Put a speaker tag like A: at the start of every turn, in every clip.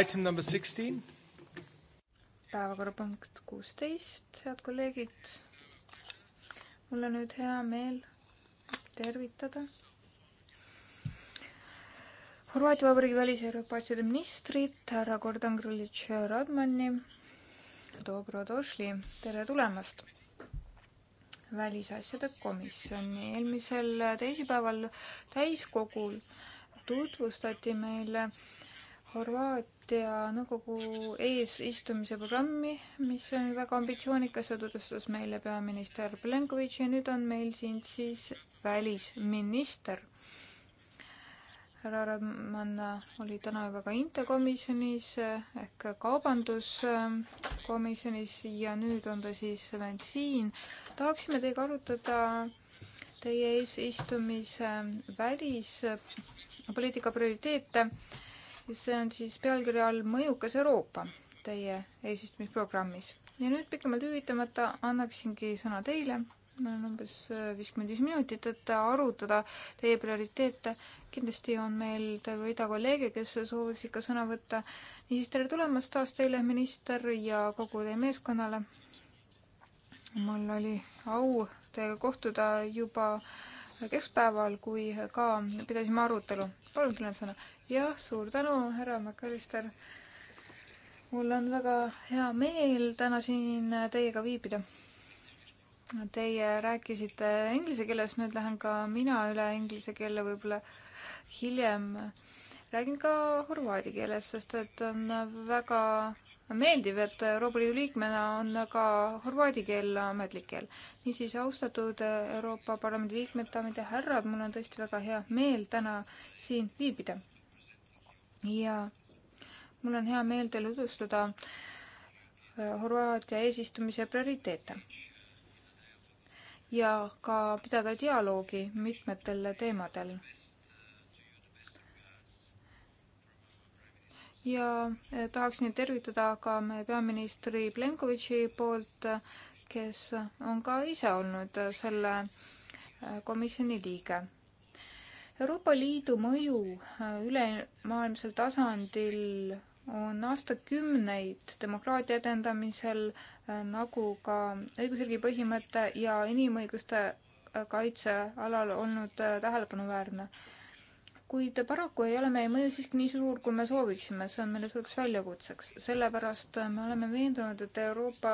A: Item number sixteen.
B: päevakorrapunkt kuusteist, head kolleegid. mul on nüüd hea meel tervitada Horvaatia Vabariigi välisjärgmiste asjade ministrit härra Gordan Grlic Radmani. Dobro došli, tere tulemast välisasjade komisjoni. eelmisel teisipäeval täiskogul tutvustati meile Horvaatia nõukogu eesistumise programmi, mis on väga ambitsioonikas, seda tutvustas meile peaminister Plenkovitš ja nüüd on meil siin siis välisminister. härra Radman oli täna juba ka intekomisjonis ehk kaubanduskomisjonis ja nüüd on ta siis veel siin. tahaksime teiega arutada teie eesistumise välis poliitika prioriteete see on siis pealkirja all Mõjukas Euroopa teie eesistumisprogrammis. ja nüüd pikemalt hüvitamata annaksingi sõna teile, meil on umbes äh, viiskümmend viis minutit, et äh, arutada teie prioriteete. kindlasti on meil terve rida kolleege, kes sooviks ikka sõna võtta. niisiis, tere tulemast taas teile, minister, ja kogu teie meeskonnale. mul oli au teiega kohtuda juba keskpäeval, kui ka pidasime arutelu palun, teil on sõna. jah, suur tänu, härra McAllister. mul on väga hea meel täna siin teiega viibida. Teie rääkisite inglise keeles, nüüd lähen ka mina üle inglise keele võib-olla hiljem. räägin ka horvaadi keeles, sest et on väga meeldiv, et Euroopa Liidu liikmena on ka horvaadi keel ametlik keel. niisiis, austatud Euroopa Parlamendi liikmed, daamid ja härrad, mul on tõesti väga hea meel täna siin viibida. ja mul on hea meel teile tutvustada äh, Horvaatia eesistumise prioriteete ja ka pidada dialoogi mitmetel teemadel ja eh, tahaksin tervitada ka peaministri Plenkovitši poolt, eh, kes on ka ise olnud eh, selle komisjoni liige. Euroopa Liidu mõju ülemaailmsel tasandil on aastakümneid demokraatia edendamisel nagu ka õigusriigi põhimõte ja inimõiguste kaitse alal olnud tähelepanuväärne kuid paraku ei ole meie mõju siiski nii suur, kui me sooviksime, see on meile suureks väljakutseks. sellepärast me oleme veendunud, et Euroopa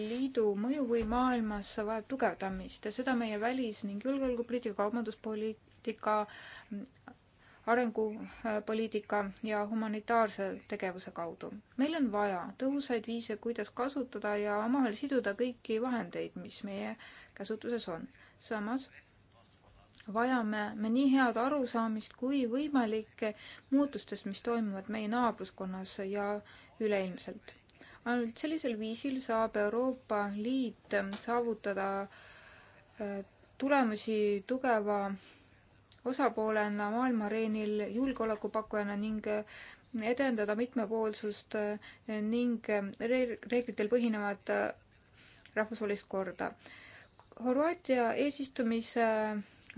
B: Liidu mõjuvõim maailmas vajab tugevdamist ja seda meie välis- ning julgeolekupoliitika, kaubanduspoliitika, arengupoliitika ja humanitaarse tegevuse kaudu. meil on vaja tõhusaid viise, kuidas kasutada ja omavahel siduda kõiki vahendeid, mis meie käsutuses on. samas vajame me nii head arusaamist kui võimalik muutustest, mis toimuvad meie naabruskonnas ja üleilmselt. ainult sellisel viisil saab Euroopa Liit saavutada äh, tulemusi tugeva osapoolena maailmareenil julgeolekupakkujana ning äh, edendada mitmepoolsust äh, ning reeglitel põhinevat rahvusvahelist korda. Horvaatia eesistumise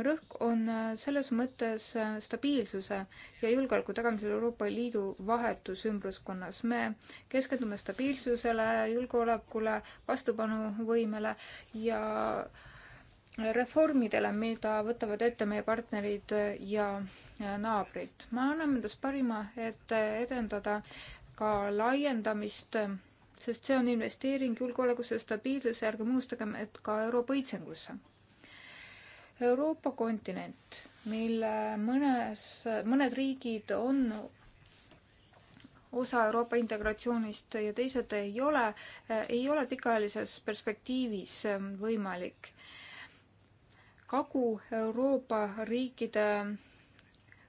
B: rõhk on äh, selles mõttes äh, stabiilsuse ja julgeoleku tagamisel Euroopa Liidu vahetus ümbruskonnas. me keskendume stabiilsusele, julgeolekule, vastupanuvõimele ja reformidele, mida võtavad ette meie partnerid äh, ja naabrid. ma annan endast parima, et edendada ka laiendamist, sest see on investeering julgeolekusse, stabiilsuse, ärgem unustagem, et ka Euroopa õitsengusse Euroopa kontinent, mille mõnes, mõned riigid on osa Euroopa integratsioonist ja teised ei ole, eh, ei ole pikaajalises perspektiivis eh, võimalik. Kagu-Euroopa riikide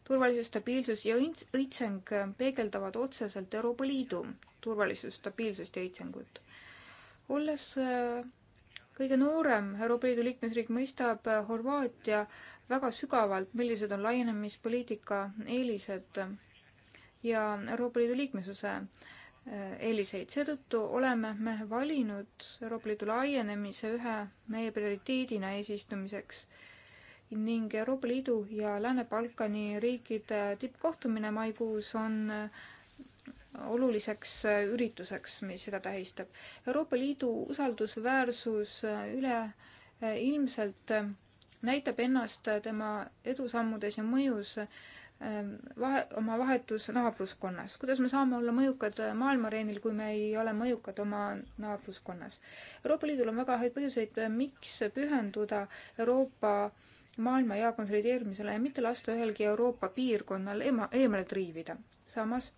B: turvalisus, stabiilsus ja õitseng peegeldavad otseselt Euroopa Liidu turvalisust, stabiilsust ja õitsengut. olles eh, kõige noorem Euroopa Liidu liikmesriik mõistab äh, Horvaatia väga sügavalt, millised on laienemispoliitika eelised ja Euroopa Liidu liikmesuse äh, eeliseid. seetõttu oleme me valinud Euroopa Liidu laienemise ühe meie prioriteedina eesistumiseks ning Euroopa Liidu ja Lääne-Balkani riikide tippkohtumine maikuus on äh, oluliseks äh, ürituseks, mis seda tähistab. Euroopa Liidu usaldusväärsus äh, üleilmselt äh, näitab ennast tema edusammudes ja mõjus vahe, oma vahetus naabruskonnas. kuidas me saame olla mõjukad maailmareenil, kui me ei ole mõjukad oma naabruskonnas? Euroopa Liidul on väga häid põhjuseid, miks pühenduda Euroopa maailmajao konsolideerimisele ja mitte lasta ühelgi Euroopa piirkonnal ema, eemale triivida. samas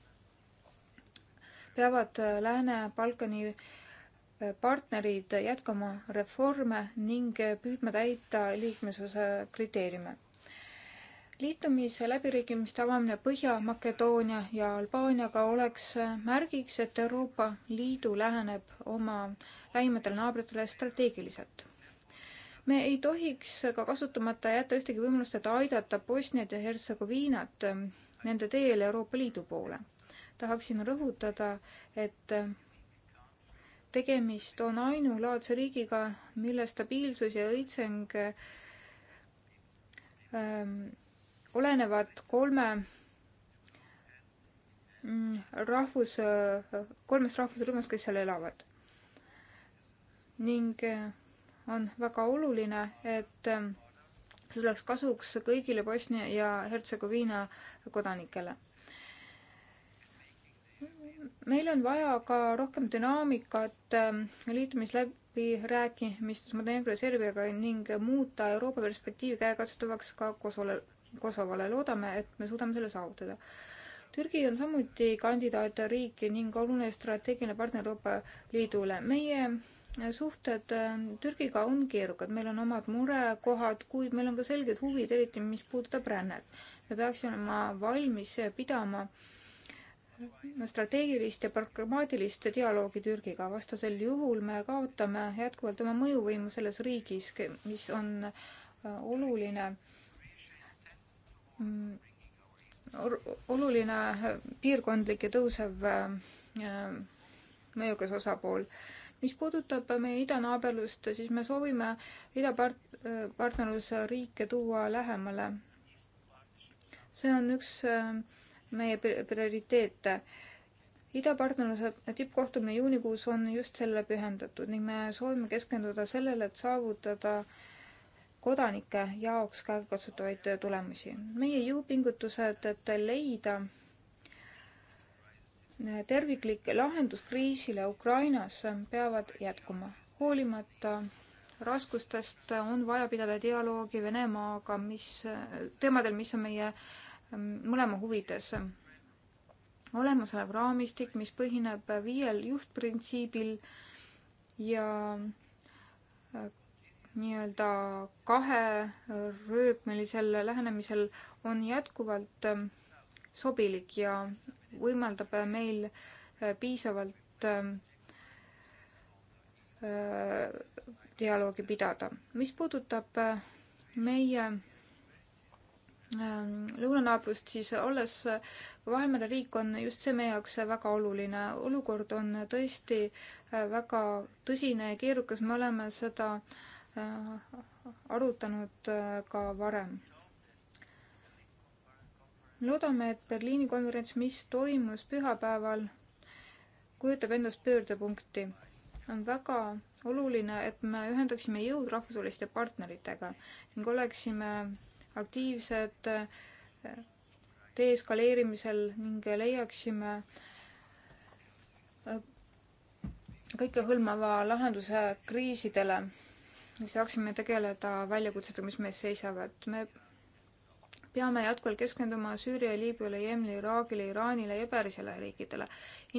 B: peavad äh, Lääne-Balkani äh, partnerid jätkama reforme ning äh, püüdma täita liikmesuse kriteeriume. liitumise läbirääkimiste avamine Põhja-Makedoonia ja Albaaniaga oleks märgiks, et Euroopa Liidu läheneb oma lähimatele naabritele strateegiliselt me ei tohiks ka kasutamata jätta ühtegi võimalust, et aidata Bosniat ja Hertsegoviinat nende teel Euroopa Liidu poole tahaksin rõhutada, et tegemist on ainulaadse riigiga, mille stabiilsus ja õitseng ähm, olenevad kolme mm, rahvus, kolmest rahvusrühmast, kes seal elavad. ning äh, on väga oluline, et äh, see tuleks kasuks kõigile Bosnia ja Hertsegoviina kodanikele meil on vaja ka rohkem dünaamikat ähm, liitumisläbirääkimistes Montenegro ja Serbiaga ning muuta Euroopa perspektiivi käekatsutavaks ka Kosovole, Kosovole. loodame, et me suudame selle saavutada. Türgi on samuti kandidaatriik ning oluline strateegiline partner Euroopa Liidule. meie suhted ähm, Türgiga on keerukad, meil on omad murekohad, kuid meil on ka selged huvid, eriti mis puudutab rännet. me peaksime olema valmis pidama äh, strateegilist ja programmaatilist dialoogi Türgiga, vastasel juhul me kaotame jätkuvalt oma mõjuvõimu selles riigis, mis on äh, oluline, mm, oluline äh, piirkondlik ja tõusev äh, mõjukas osapool. mis puudutab meie idanaaberlust, siis me soovime idapart-, partnerluse riike tuua lähemale. see on üks äh, meie prioriteete. idapartnerluse tippkohtumine juunikuus on just sellele pühendatud ning me soovime keskenduda sellele, et saavutada kodanike jaoks käegakatsutavaid tulemusi. meie jõupingutused, et leida terviklik lahendus kriisile Ukrainas peavad jätkuma. hoolimata raskustest on vaja pidada dialoogi Venemaaga, mis, teemadel, mis on meie mõlema huvides. olemasolev raamistik, mis põhineb viiel juhtprintsiibil ja äh, nii-öelda kaherööpmelisel lähenemisel on jätkuvalt äh, sobilik ja võimaldab meil äh, piisavalt dialoogi pidada. mis puudutab meie Ähm, lõunanaabrust, siis olles äh, Vahemere riik, on just see meie jaoks äh, väga oluline. olukord on äh, tõesti väga tõsine ja keerukas, me oleme seda arutanud ka varem. loodame, et Berliini konverents, mis toimus pühapäeval, kujutab endast pöördepunkti. on väga oluline, et me ühendaksime jõud rahvusvaheliste partneritega ning oleksime aktiivsed äh, deeskaleerimisel ning leiaksime äh, kõikehõlmava lahenduse kriisidele, saaksime tegeleda väljakutsetega, mis mees seisavad. me peame jätkuvalt keskenduma Süüria, Liibüale, Jemnile, Iraagile, Iraanile ja pärisele riikidele.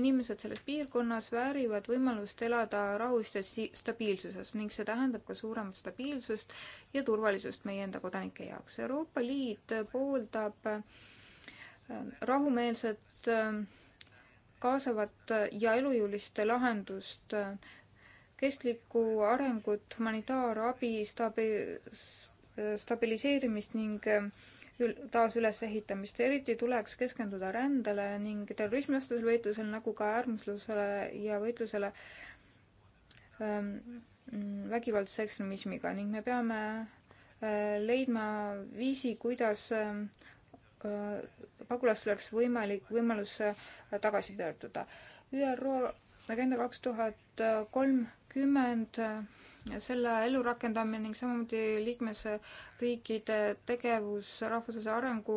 B: inimesed selles piirkonnas väärivad võimalust elada rahus ja stabiilsuses ning see tähendab ka suuremat stabiilsust ja turvalisust meie enda kodanike jaoks. Euroopa Liit pooldab ähm, rahumeelset, ähm, kaasavat ja elujõulist lahendust, äh, kestlikku arengut, humanitaarabi, stabi-, äh, stabiliseerimist ning ähm, taas ülesehitamist. eriti tuleks keskenduda rändele ning terrorismivastasele võitlusele, nagu ka äärmuslusele ja võitlusele ähm, vägivaldse ekstremismiga ning me peame äh, leidma viisi, kuidas ähm, äh, pagulastel oleks võimalik, võimalus äh, tagasi pöörduda. ÜRO Agenda kaks tuhat kolmkümmend, selle ellurakendamine ning samuti liikmesriikide tegevus rahvusvahelise arengu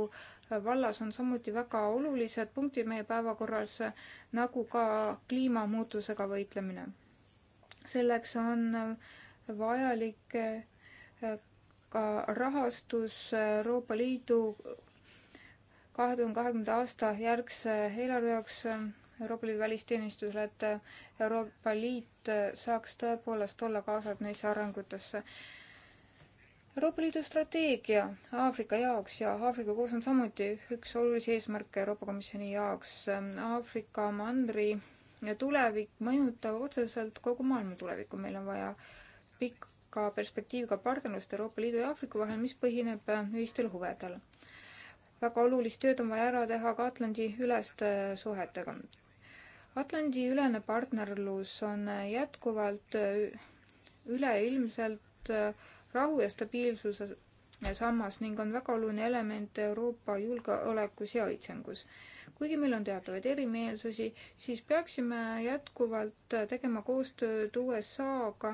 B: vallas on samuti väga olulised punktid meie päevakorras, nagu ka kliimamuutusega võitlemine. selleks on vajalik ka rahastus Euroopa Liidu kahe tuhande kahekümnenda aasta järgse eelarve jaoks Euroopa Liidu välisteenistusele, et äh, Euroopa Liit äh, saaks tõepoolest olla kaasatud neisse arengutesse. Euroopa Liidu strateegia Aafrika jaoks ja Aafrika koos on samuti üks olulisi eesmärke Euroopa Komisjoni jaoks. Aafrika mandri tulevik mõjutab otseselt kogu maailma tulevikku, meil on vaja pika perspektiiviga partnerlust Euroopa Liidu ja Aafrika vahel, mis põhineb äh, ühistel huvedel väga olulist tööd on vaja ära teha ka Atlandi üleste suhetega. Atlandi-ülene partnerlus on jätkuvalt äh, üleilmselt äh, rahu ja stabiilsuse sammas ning on väga oluline element Euroopa julgeolekus ja õitsengus. kuigi meil on teatavaid erimeelsusi, siis peaksime jätkuvalt äh, tegema koostööd USA-ga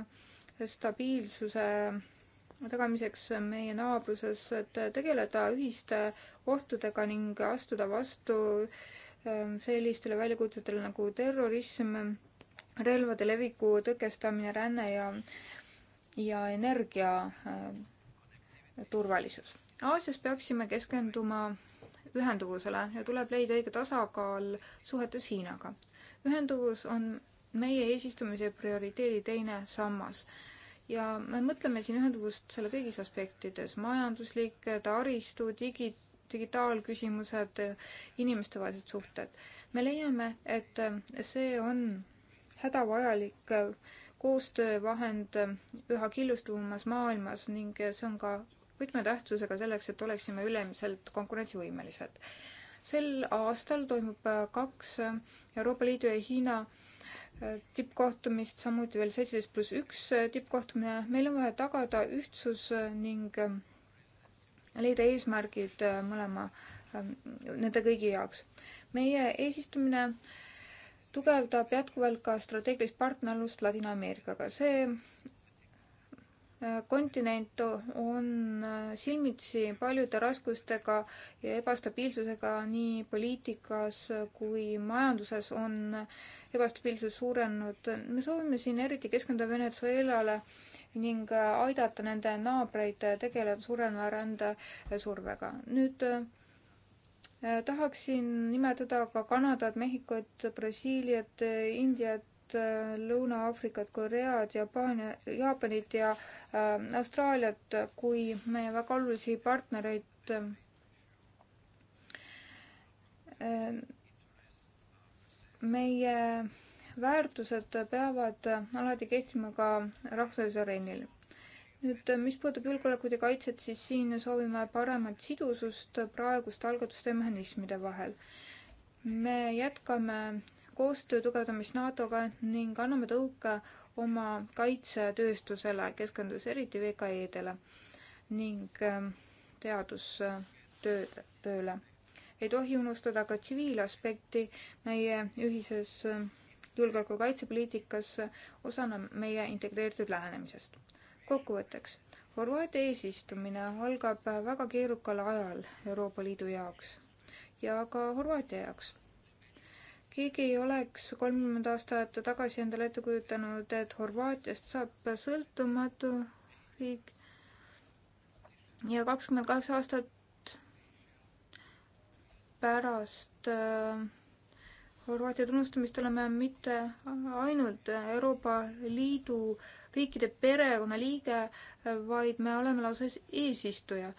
B: stabiilsuse tagamiseks meie naabruses, et tegeleda ühiste ohtudega ning astuda vastu äh, Ehm, sellistele väljakutsetele nagu terrorism, relvade leviku tõkestamine, ränne ja, ja energia ehm, turvalisus. Aasias peaksime keskenduma ühenduvusele ja tuleb leida õige tasakaal suhetes Hiinaga. ühenduvus on meie eesistumise prioriteedi teine sammas ja me mõtleme siin ühenduvust selle kõigis aspektides, majanduslik, taristu, digi, digitaalküsimused, inimestevahelised suhted. me leiame, et see on hädavajalik koostöövahend üha killustuvumas maailmas ning see on ka võtmetähtsusega selleks, et oleksime ülemiselt konkurentsivõimelised. sel aastal toimub kaks Euroopa Liidu ja Hiina tippkohtumist, samuti veel seitseteist pluss üks tippkohtumine. meil on vaja tagada ühtsus ning leida eesmärgid äh, mõlema, ähm, nende kõigi jaoks. meie eesistumine tugevdab jätkuvalt ka strateegilist partnerlust Ladina-Ameerikaga. see äh, kontinent on äh, silmitsi paljude raskustega ja ebastabiilsusega nii poliitikas kui majanduses on ebastabiilsus suurenenud. me soovime siin eriti keskenduda Venezuelale ning äh, aidata nende naabreid äh, tegeleda suureneva rändesurvega. nüüd äh, tahaksin nimetada ka Kanadat, Mehhikot, Brasiiliat, Indiat, Lõuna-Aafrikat, Koread, Jaapania, Jaapanit ja äh, Austraaliat kui meie väga olulisi partnereid äh,. meie väärtused peavad alati kehtima ka rahvusvahelisel areenil. nüüd, mis puudutab julgeolekut ja kaitset, siis siin soovime paremat sidusust praeguste algatuste ja mehhanismide vahel. me jätkame koostöö tugevdamist NATO-ga ning anname tõuke oma kaitsetööstusele, keskendudes eriti VKE-dele ning ähm, teadustööle. ei tohi unustada ka tsiviilaspekti meie ühises ähm, julgeoleku- ja kaitsepoliitikas osana meie integreeritud lähenemisest. kokkuvõtteks, Horvaatia eesistumine algab väga keerukal ajal Euroopa Liidu jaoks ja ka Horvaatia jaoks keegi ei oleks kolmkümmend aastat tagasi endale ette kujutanud, et Horvaatiast saab sõltumatu riik. ja kakskümmend kaks aastat pärast äh, Horvaatia tunnustamist oleme mitte ainult Euroopa Liidu riikide perekonna liige, vaid me oleme lausa eesistuja.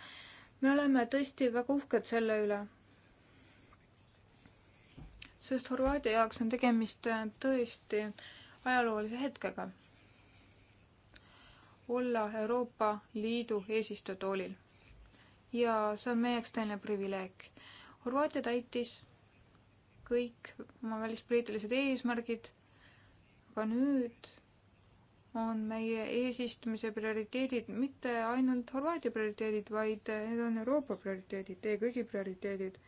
B: me oleme tõesti väga uhked selle üle. sest Horvaatia jaoks on tegemist tõesti ajaloolise hetkega. olla Euroopa Liidu eesistuja toolil. ja see on meie jaoks tõeline privileeg. Horvaatia täitis kõik oma välispoliitilised eesmärgid, aga nüüd on meie eesistumise prioriteedid mitte ainult Horvaatia prioriteedid, vaid need on Euroopa prioriteedid, teie kõigi prioriteedid.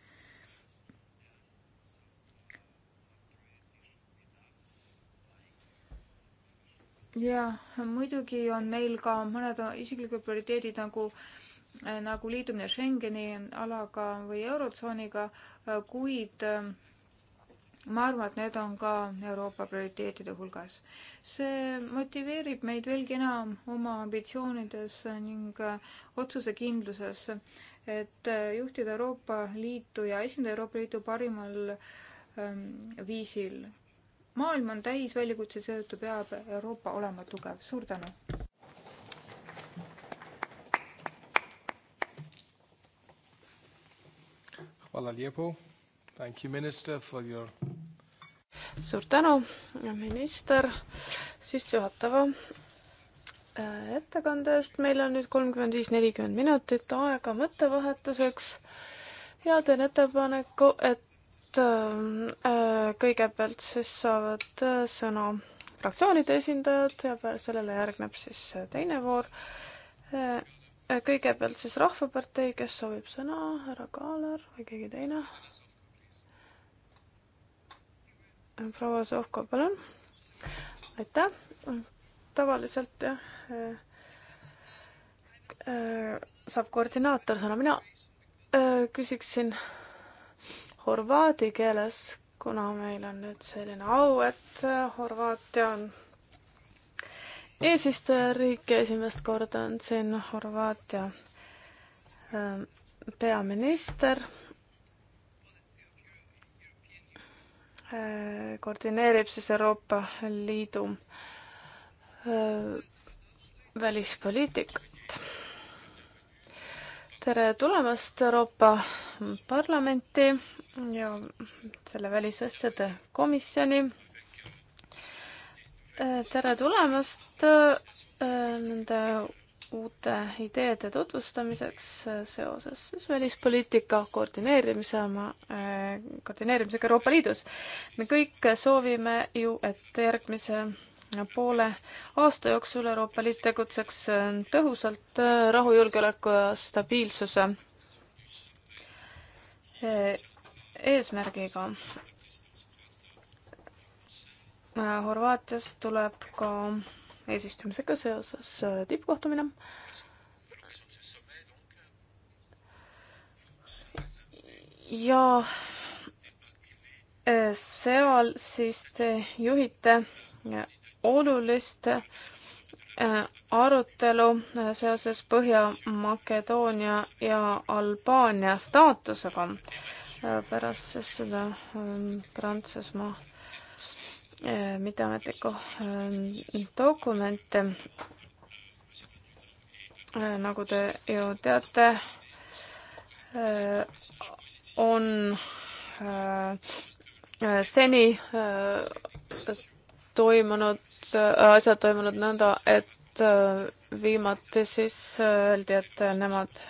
B: ja muidugi on meil ka mõned isiklikud prioriteedid nagu nagu liitumine Schengeni alaga või Eurotsooniga, kuid ma arvan, et need on ka Euroopa prioriteetide hulgas. see motiveerib meid veelgi enam oma ambitsioonides ning äh, otsusekindluses, et äh, juhtida Euroopa Liitu ja esindada Euroopa Liitu parimal ähm, viisil. maailm on täis väljakutseid, seetõttu peab Euroopa olema tugev. suur tänu!
A: Hvala lijepo Thank you, minister, for your
C: suur tänu, minister, sissejuhatava äh, ettekande eest. meil on nüüd kolmkümmend viis, nelikümmend minutit aega mõttevahetuseks ja teen ettepaneku, et äh, äh, kõigepealt siis saavad sõna fraktsioonide esindajad ja sellele järgneb siis teine voor. kõigepealt siis Rahvapartei, kes soovib sõna, härra Kaaler või keegi teine? proua Sovko, palun. aitäh. tavaliselt jah eh, eh, saab koordinaator sõna, mina eh, küsiksin horvaadi keeles, kuna meil on nüüd selline au, et Horvaatia on eesistujariik ja esimest korda on siin Horvaatia peaminister Äh, koordineerib siis Euroopa Liidu äh, välispoliitikat. tere tulemast Euroopa Parlamenti ja selle välisasjade komisjoni. Äh, tere tulemast nende uute ideede tutvustamiseks äh, seoses siis välispoliitika koordineerimise oma, äh, koordineerimisega Euroopa Liidus. me kõik soovime ju, et järgmise poole aasta jooksul Euroopa Liit tegutseks äh, tõhusalt rahu, julgeoleku ja stabiilsuse eesmärgiga. Horvaatias tuleb ka eesistumisega seoses äh, tippkohtumine. ja äh, seal siis te juhite äh, olulist arutelu seoses Põhja-Makedoonia ja Albaania staatusega pärast siis seda ähm, Prantsusmaa Äh, mitteametlikku äh, dokumente. Äh, nagu te ju teate, on seni toimunud, asjad toimunud nõnda, et viimati siis öeldi, et nemad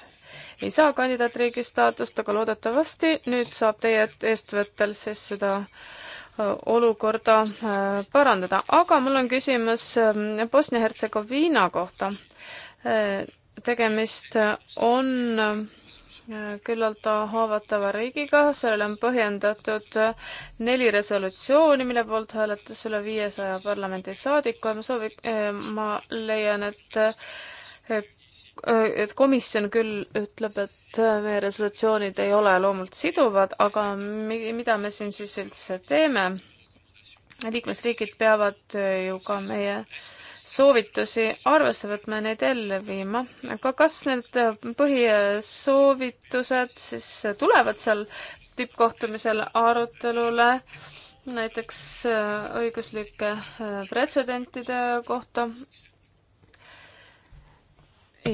C: ei saa kandidaatriigi staatust, aga loodetavasti nüüd saab teie eestvõttel siis seda äh, olukorda äh, parandada. aga mul on küsimus ähm, Bosnia-Hertsegoviina kohta. Äh, tegemist äh, on küllalt haavatava riigiga, sellele on põhjendatud neli resolutsiooni, mille poolt hääletas üle viiesaja parlamendisaadiku ja ma soovin, ma leian, et Äh, et komisjon küll ütleb, et äh, meie resolutsioonid ei ole loomult siduvad, aga mi-, mida me siin siis üldse teeme? liikmesriigid peavad äh, ju ka meie soovitusi arvesse võtma ja neid ellu viima, aga kas need põhisoovitused siis tulevad seal tippkohtumisel arutelule näiteks õiguslike pretsedentide kohta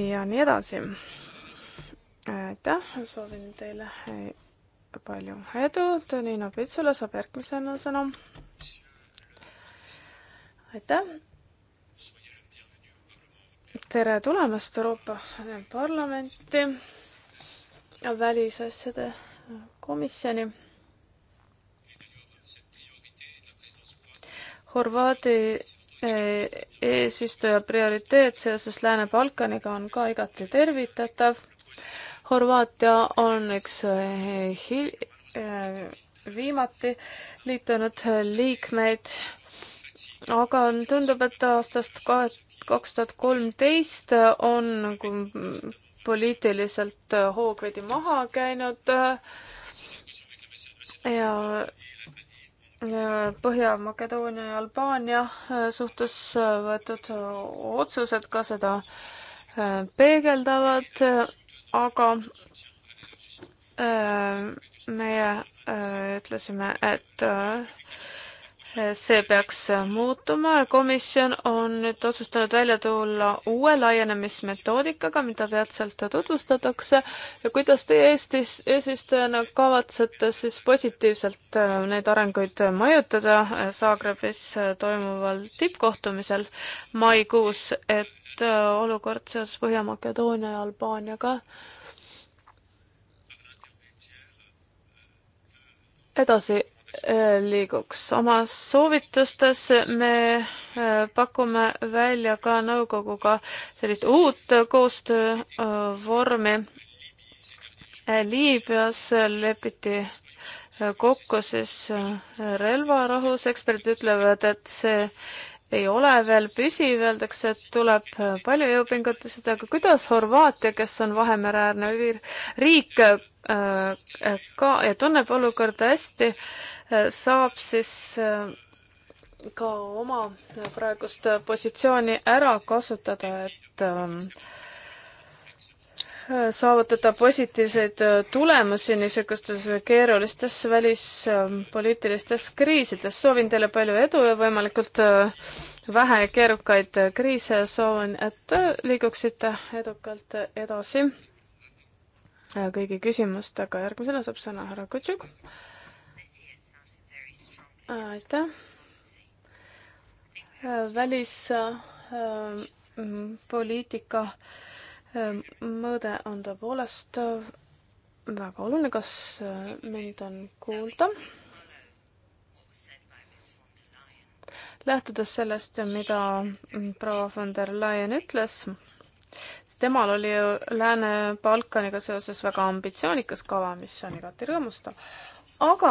C: ja nii edasi. aitäh, soovin teile eh, palju edu, Tõnina Pitsula saab järgmisena sõna. aitäh tere tulemast Euroopa Parlamenti ja välisasjade komisjoni. Horvaadi eesistuja prioriteet seoses Lääne-Balkaniga on ka igati tervitatav. Horvaatia on üks hil-, viimati liitunud liikmeid, aga tundub, et aastast kaks tuhat kolmteist on nagu poliitiliselt hoog veidi maha käinud ja Põhja-Makedoonia ja Albaania äh, suhtes äh, võetud äh, otsused ka seda peegeldavad, aga meie ütlesime, et see peaks äh, muutuma ja komisjon on nüüd otsustanud välja tulla uue laienemismetoodikaga, mida peatselt tutvustatakse ja kuidas teie Eestis eesistujana kavatsete siis positiivselt äh, neid arenguid mõjutada äh, Zagrebis toimuval tippkohtumisel maikuus, et olukord seoses Põhja-Makedoonia ja Albaaniaga edasi liiguks. oma soovitustes me äh, pakume välja ka nõukoguga sellist uut koostöövormi. Äh, Liibüas lepiti äh, kokku siis relvarahus, eksperdid ütlevad, et see ei ole veel püsiv, öeldakse, et tuleb palju jõupingutusi teha, aga kuidas Horvaatia, kes on Vahemereäärne riik äh, ka ja tunneb olukorda hästi, äh, saab siis äh, ka oma praegust positsiooni ära kasutada, et ähm, saavutada positiivseid äh, tulemusi niisugustes keerulistes välispoliitilistes äh, kriisides. soovin teile palju edu ja võimalikult äh, vähe keerukaid kriise ja soovin, et liiguksite edukalt edasi kõigi küsimustega. järgmisena saab sõna härra Kutšuk. aitäh. välispoliitika äh, poliitika äh, Ehm, mõõde on tõepoolest äh, väga oluline, kas äh, mind on kuulda? lähtudes sellest, mida mm, proua von der Leyen ütles, temal oli ju Lääne-Balkaniga seoses väga ambitsioonikas kava, mis on igati rõõmustav aga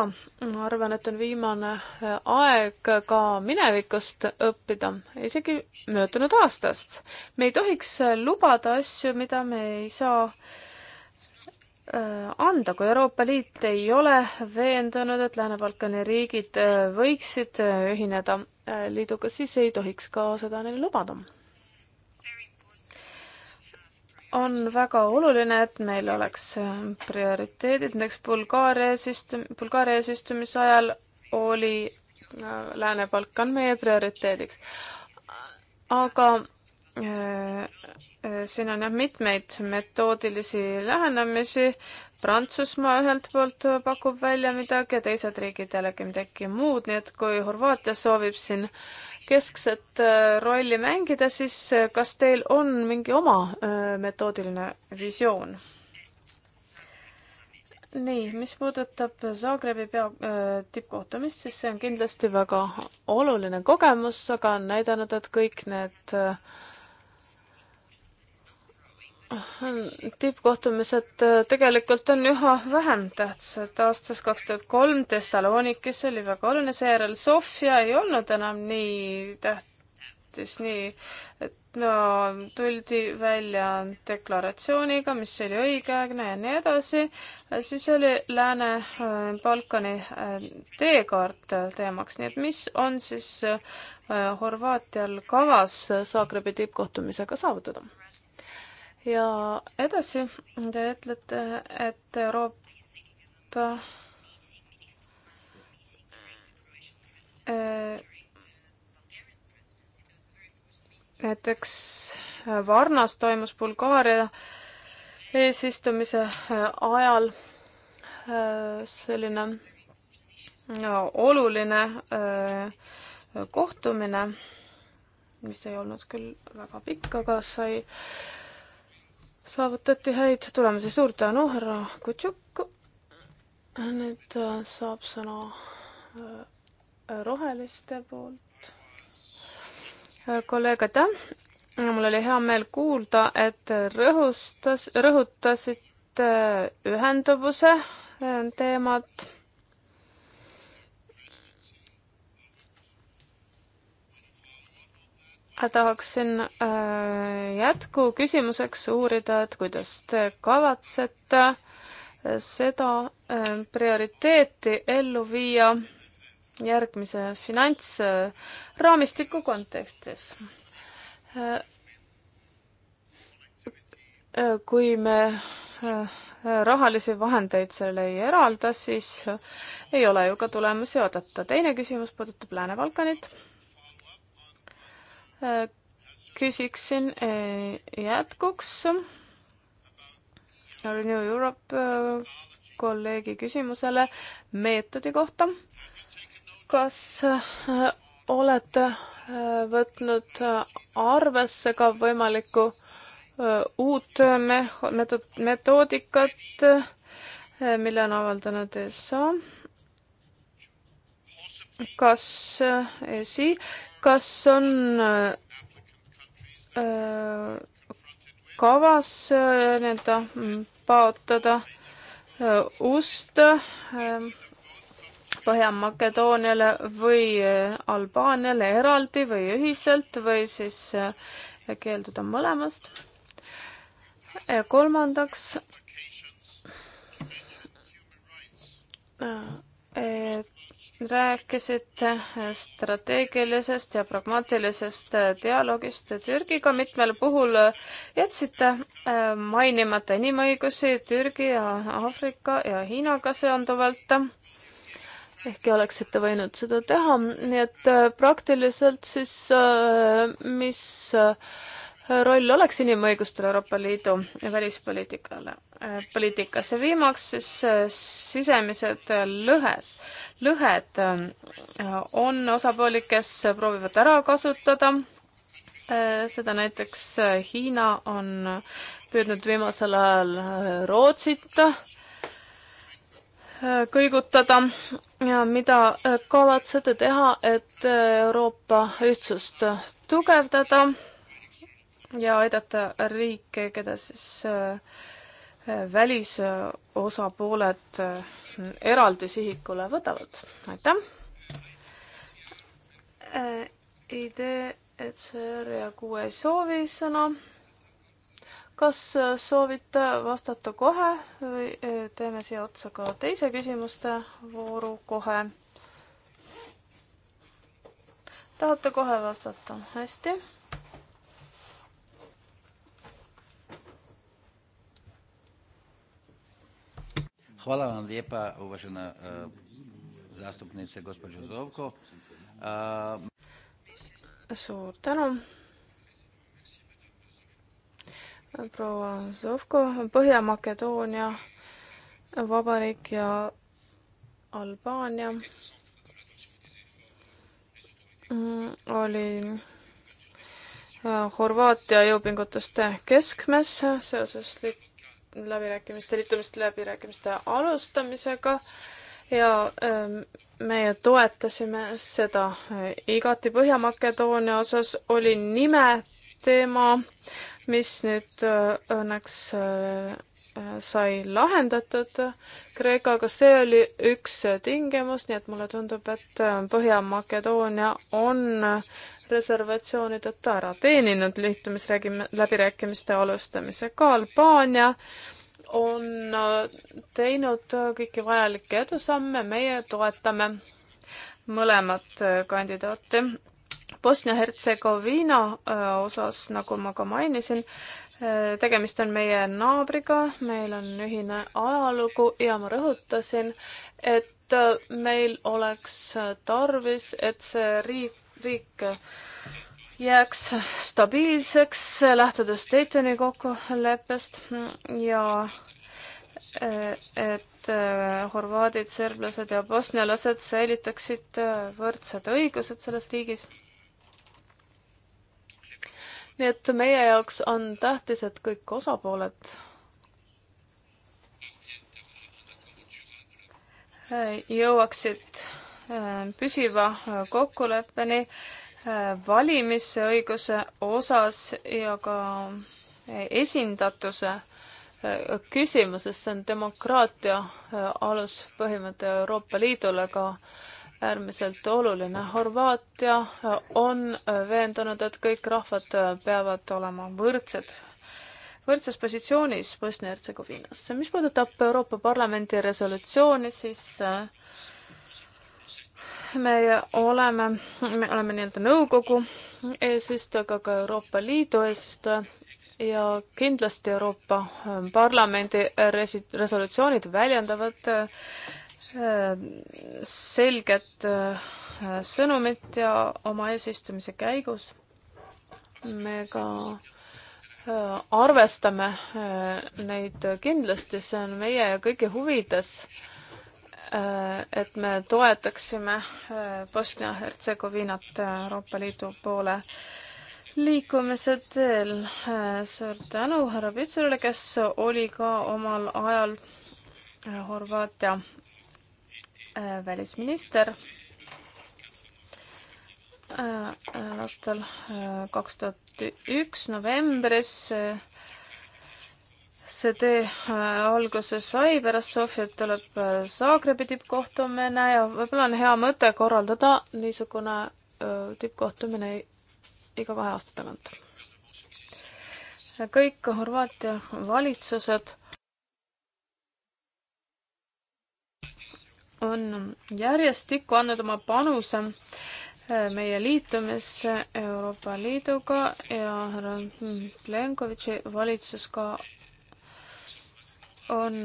C: ma arvan, et on viimane äh, aeg ka minevikust õppida, isegi möödunud aastast. me ei tohiks äh, lubada asju, mida me ei saa äh, anda, kui Euroopa Liit ei ole veendunud, et Lääne-Balkani riigid võiksid ühineda liiduga, siis ei tohiks ka seda neile lubada on väga oluline, et meil oleks äh, prioriteedid, näiteks Bulgaaria eesistum-, Bulgaaria eesistumise ajal oli äh, Lääne-Balkan meie prioriteediks. aga äh, äh, siin on jah mitmeid metoodilisi lähenemisi, Prantsusmaa ühelt poolt pakub välja midagi ja teised riigid jällegi midagi muud, nii et kui Horvaatia soovib siin äh, keskset äh, rolli mängida, siis äh, kas teil on mingi oma äh, metoodiline visioon? nii, mis puudutab Zagrebi pea äh, tippkohtumist, siis see on kindlasti väga oluline kogemus, aga on näidanud, et kõik need äh, tippkohtumised äh, tegelikult on üha vähem tähtsad. aastast kaks tuhat kolm Thessalonikis oli väga oluline, seejärel Sofia ei olnud enam nii tähtis, nii et no tuldi välja deklaratsiooniga, mis oli õigeaegne ja nii edasi. siis oli Lääne-Balkani äh, äh, teekaart teemaks, nii et mis on siis Horvaatial kavas Zagrebi tippkohtumisega saavutada? ja edasi te ütlete, et Euroopa äh, näiteks Varnas toimus Bulgaaria eesistumise äh, ajal äh, selline no, oluline kohtumine, mis ei olnud küll väga pikk, aga sai saavutati häid tulemusi, suur tänu, härra Kutšuk. nüüd äh, saab sõna äh, roheliste poolt äh, kolleeg, aitäh. mul oli hea meel kuulda, et rõhustas, rõhutasite ühenduvuse teemat tahaksin äh, jätku küsimuseks uurida, et kuidas te kavatsete äh, seda äh, prioriteeti ellu viia järgmise finantsraamistiku kontekstis. kui me rahalisi vahendeid sellele ei eralda, siis ei ole ju ka tulemusi oodata. teine küsimus puudutab Lääne-Balkanit küsiksin eh, jätkuks Renew Europe eh, kolleegi küsimusele meetodi kohta. kas eh, olete võtnud arvesse ka võimalikku uut me-, metoodikat, mille on avaldanud ESA? kas ESI kas on öö, äh, äh, kavas äh, nii-öelda paotada ust Põhja-Makedooniale või Albaaniale eraldi või ühiselt või siis keelduda mõlemast. kolmandaks, rääkisite strateegilisest ja pragmaatilisest dialoogist Türgiga. mitmel puhul jätsite äh, mainimata inimõigusi Türgi ja Aafrika ja Hiinaga seonduvalt. ehkki oleksite võinud seda teha, nii et äh, praktiliselt siis, äh, mis roll oleks inimõigustel Euroopa Liidu välispoliitikale, äh, poliitikas ja viimaks siis äh, sisemised äh, lõhes, lõhed on osapooli, kes proovivad ära kasutada seda näiteks Hiina on püüdnud viimasel ajal Rootsit kõigutada ja mida kavatsete teha, et Euroopa ühtsust tugevdada ja aidata riike, keda siis äh, välisosapooled äh, eraldi sihikule võtavad. aitäh! Äh, idee, et see reagu ei soovi sõna. kas soovite vastata kohe või teeme siia otsa ka teise küsimuste vooru kohe? tahate kohe vastata? hästi
A: Hvala vam lijepa, uvažena e, zastupnice, gospođo
C: Zovko. E, suur tänu. proua Zovko, Põhja-Makedoonia Vabariik ja Albaania mm, oli e, Horvaatia jõupingutuste keskmes seoses läbirääkimiste, liitumiste läbirääkimiste alustamisega ja ähm, meie toetasime seda äh, igati. Põhja-Makedoonia osas oli nime teema, mis nüüd äh, õnneks äh, Äh, sai lahendatud Kreekaga, see oli üks tingimus, nii et mulle tundub, et äh, Põhja-Makedoonia on reservatsioonideta ära teeninud liitumisräägime, läbirääkimiste alustamisega. Albaania on äh, teinud kõiki vajalikke edusamme, meie toetame mõlemat kandidaati Bosnia-Hertsegoviina äh, osas, nagu ma ka mainisin, äh, tegemist on meie naabriga, meil on ühine ajalugu ja ma rõhutasin, et äh, meil oleks tarvis, et see riik, riik jääks stabiilseks, lähtudes Daytoni kokkuleppest ja et horvaadid, serblased ja bosnialased säilitaksid võrdsed õigused selles riigis nii et meie jaoks on tähtis, et kõik osapooled jõuaksid äh, püsiva äh, kokkuleppeni äh, valimisõiguse osas ja ka esindatuse küsimuses, see on demokraatia aluspõhimõte Euroopa Liidule ka äh, äärmiselt oluline. Horvaatia on veendunud, et kõik rahvad peavad olema võrdsed, võrdses positsioonis Bosnia-Hertsegoviinas. mis puudutab Euroopa Parlamendi resolutsiooni, siis äh, me oleme, me oleme nii-öelda nõukogu eesistujaga, ka Euroopa Liidu eesistuja ja kindlasti Euroopa Parlamendi resolutsioonid väljendavad äh, Äh, selget äh, sõnumit ja oma eesistumise käigus me ka äh, arvestame neid kindlasti, see on meie kõigi huvides, et me toetaksime Bosnia-Hertsegoviinat Euroopa Liidu poole liikumise teel. suur tänu härra Pitsurile, kes oli ka omal ajal Horvaatia Äh, välisminister äh, aastal äh, kaks tuhat üks novembris see tee alguse sai, pärast Sofiat tuleb Zagrebi tippkohtumine ja võib-olla on hea mõte korraldada niisugune tippkohtumine iga kahe aasta tagant. kõik Horvaatia valitsused on järjestikku andnud oma panuse äh, meie liitumisse Euroopa Liiduga ja härra Plenkovitši valitsus ka on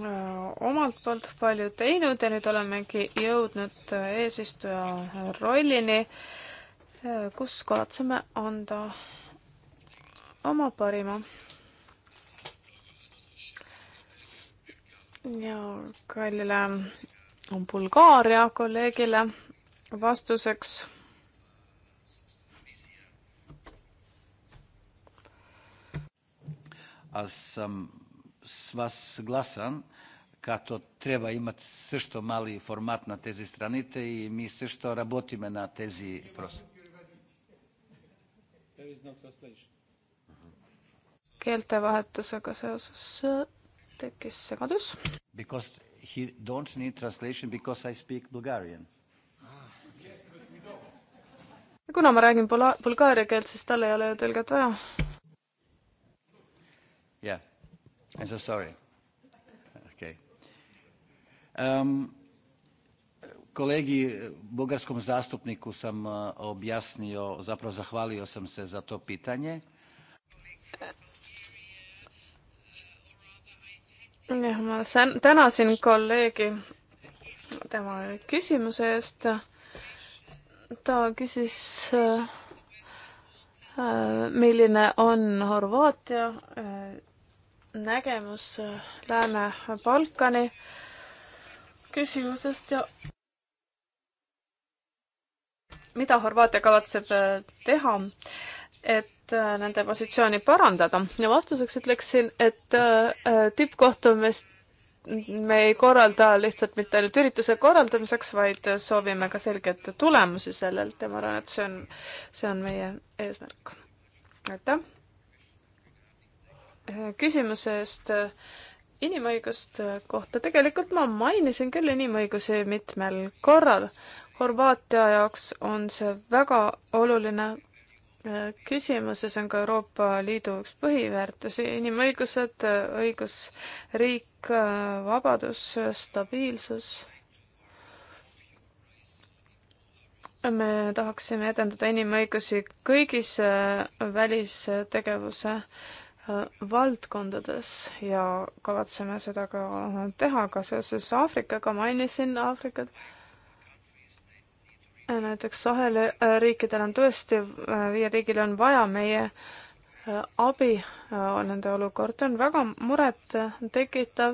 C: äh, omalt poolt palju teinud ja nüüd olemegi jõudnud äh, eesistuja rollini, kus kavatseme anda oma parima ja kallile Bulgaaria kolleegile vastuseks
A: аз съм с вас съгласен, като трябва имат също мали формат на тези страните и ми също работиме на тези въпроси. keeltevahetusega
C: seoses tekkis segadus.
A: Because he don't need translation because I speak bulgarian.
C: kuna ma räägin bula-, bulgaaria keelt, siis tal ei ole ju tõlget vaja.
A: Yeah, I am so sorry. Okay. Um, kolegi bugarskom zastupniku sam uh, objasnio, zapravo zahvalio sam se za to pitanje.
C: jah, ma tänasin kolleegi tema küsimuse eest. ta küsis, äh, milline on Horvaatia äh, nägemus äh, Lääne-Balkani küsimusest ja mida Horvaatia kavatseb teha, et Äh, nende positsiooni parandada ja vastuseks ütleksin, et äh, äh, tippkohtumist me ei korralda lihtsalt mitte ainult ürituse korraldamiseks, vaid soovime ka selget tulemusi sellelt ja ma arvan, et see on, see on meie eesmärk. aitäh küsimuse eest inimõiguste kohta. tegelikult ma mainisin küll inimõigusi mitmel korral. Horvaatia jaoks on see väga oluline küsimuses on ka Euroopa Liidu üks põhiväärtusi, inimõigused, õigusriik, vabadus, stabiilsus. me tahaksime edendada inimõigusi kõigis välistegevuse äh, valdkondades ja kavatseme seda ka teha, ka seoses Aafrikaga, mainisin Aafrikat Äh, näiteks Saheli äh, riikidel on tõesti, äh, viiel riigil on vaja meie abi, nende olukord on väga murettekitav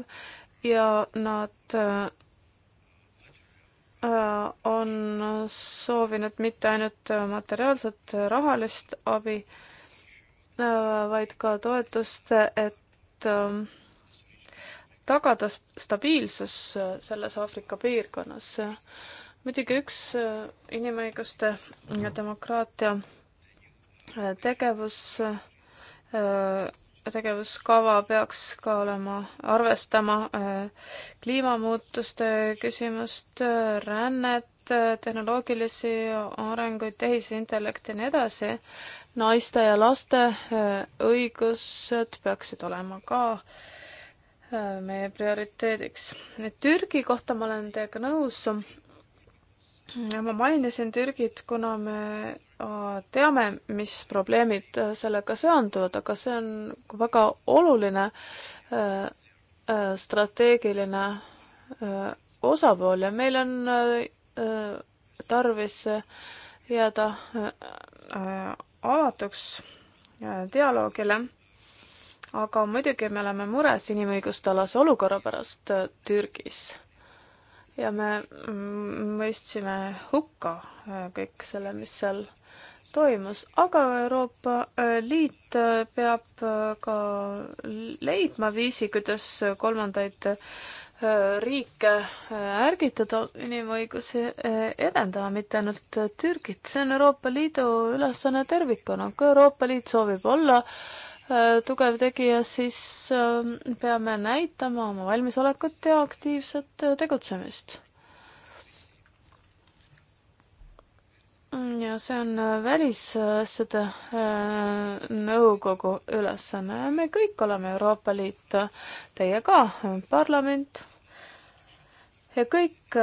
C: ja nad on soovinud mitte ainult materiaalset rahalist abi, vaid ka toetust, et ähm, tagada stabiilsus selles Aafrika piirkonnas muidugi üks äh, inimõiguste ja demokraatia äh, tegevus, äh, tegevuskava peaks ka olema, arvestama kliimamuutuste küsimust, rännet, tehnoloogilisi arenguid, tehisintellekti ja nii edasi, naiste ja laste õigused peaksid olema ka meie prioriteediks. nüüd Türgi kohta ma olen teiega nõus, ma mainisin Türgit, kuna me äh, teame, mis probleemid äh, sellega seonduvad, aga see on väga oluline äh, strateegiline osapool ja meil on tarvis jääda avatuks dialoogile. aga muidugi me oleme mures inimõiguste alase olukorra pärast Türgis ja me mm, mõistsime hukka äh, kõik selle, mis seal toimus, aga Euroopa äh, Liit äh, peab ka leidma viisi, kuidas kolmandaid riike ärgitada inimõigusi edendama, mitte ainult Türgit. see on Euroopa Liidu ülesanne tervikuna. kui Euroopa Liit soovib olla äh, Äh, tugev tegija, siis ähm, peame näitama oma valmisolekut ja aktiivset äh, tegutsemist. ja see on äh, välisasjade nõukogu ülesanne. me kõik oleme Euroopa Liit, teie ka, parlament ja kõik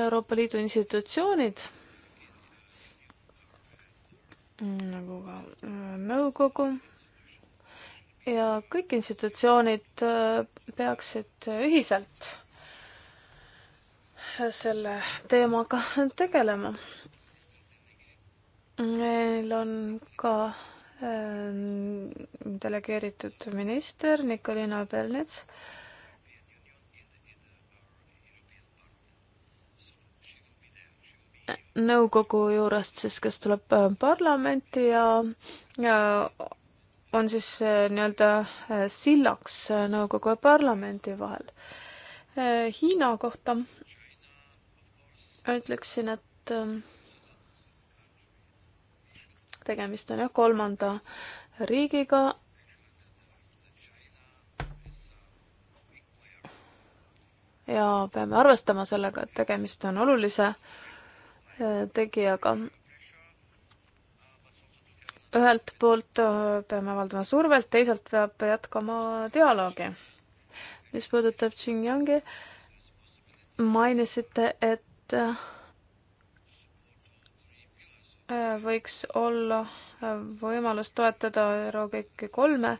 C: Euroopa Liidu institutsioonid nagu ka nõukogu ja kõik institutsioonid äh, peaksid ühiselt selle teemaga tegelema. meil on ka äh, delegeeritud minister Nikolina Belnets. nõukogu juurest siis, kes tuleb äh, parlamenti ja, ja on siis äh, nii-öelda äh, sillaks äh, nõukogu ja parlamendi vahel. Hiina kohta ütleksin, et ähm, tegemist on jah, kolmanda riigiga. ja peame arvestama sellega, et tegemist on olulise tegijaga ühelt poolt äh, peame avaldama survet, teisalt peab jätkama dialoogi. mis puudutab Xinjiangi, mainisite, et äh, võiks olla äh, võimalus toetada ÜRO kõiki kolme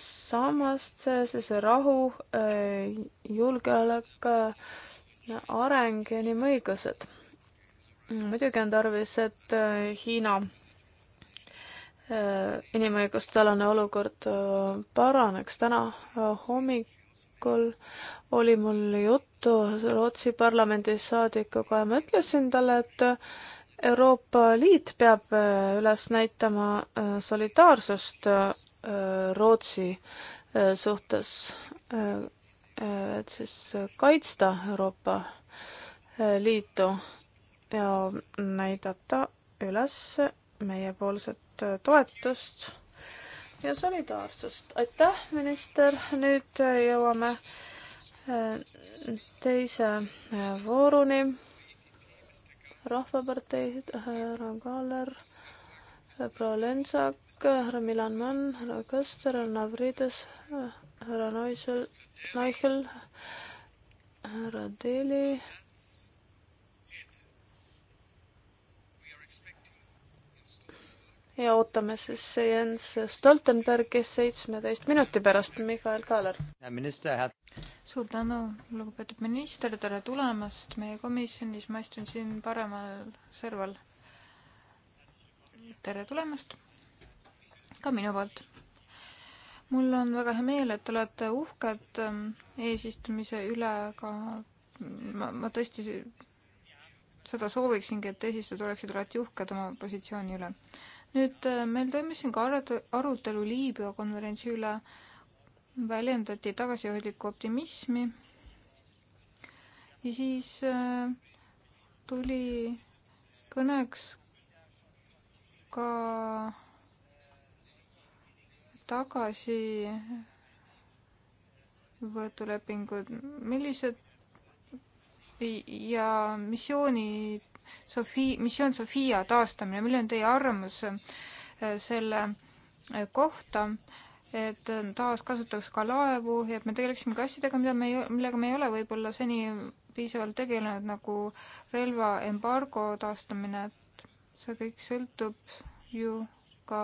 C: sammast, siis rahu, julgeolek, areng ja inimõigused. muidugi on tarvis, et Hiina Äh, inimõiguste alane olukord äh, paraneks. täna äh, hommikul oli mul juttu Rootsi parlamendi saadikuga ja ma ütlesin talle, et Euroopa Liit peab üles näitama solidaarsust Rootsi suhtes, et siis kaitsta Euroopa Liitu ja näidata üles meiepoolset äh, toetust ja solidaarsust. aitäh, minister, nüüd äh, jõuame äh, teise vooruni. rahvapartei härra Kaaler, proua Lensak, härra Milan Mann, härra Köster, härra Navrides, härra Neuschel, Neuchel, härra Deli ja ootame siis Jens Stoltenbergi seitsmeteist minuti pärast, Mihhail Kaaler. suur tänu, lugupeetud minister, tere tulemast meie
B: komisjonis, ma istun siin paremal serval. tere tulemast ka minu poolt. mul on väga hea meel, et te olete uhked ähm, eesistumise üle, aga ma, ma tõesti seda sooviksingi, et eesistujad oleksid alati uhked oma positsiooni üle nüüd äh, meil toimus siin ka arutelu Liibüa konverentsi üle, väljendati tagasihoidlikku optimismi ja siis äh, tuli kõneks ka tagasi võetulepingud, millised ja missioonid Sofi-, missioon Sofia taastamine, milline on teie arvamus äh, selle äh, kohta, et äh, taaskasutaks ka laevu ja et me tegeleksime ka asjadega, mida me ei, millega me ei ole võib-olla seni piisavalt tegelenud, nagu relvaembargo taastamine, et see kõik sõltub ju ka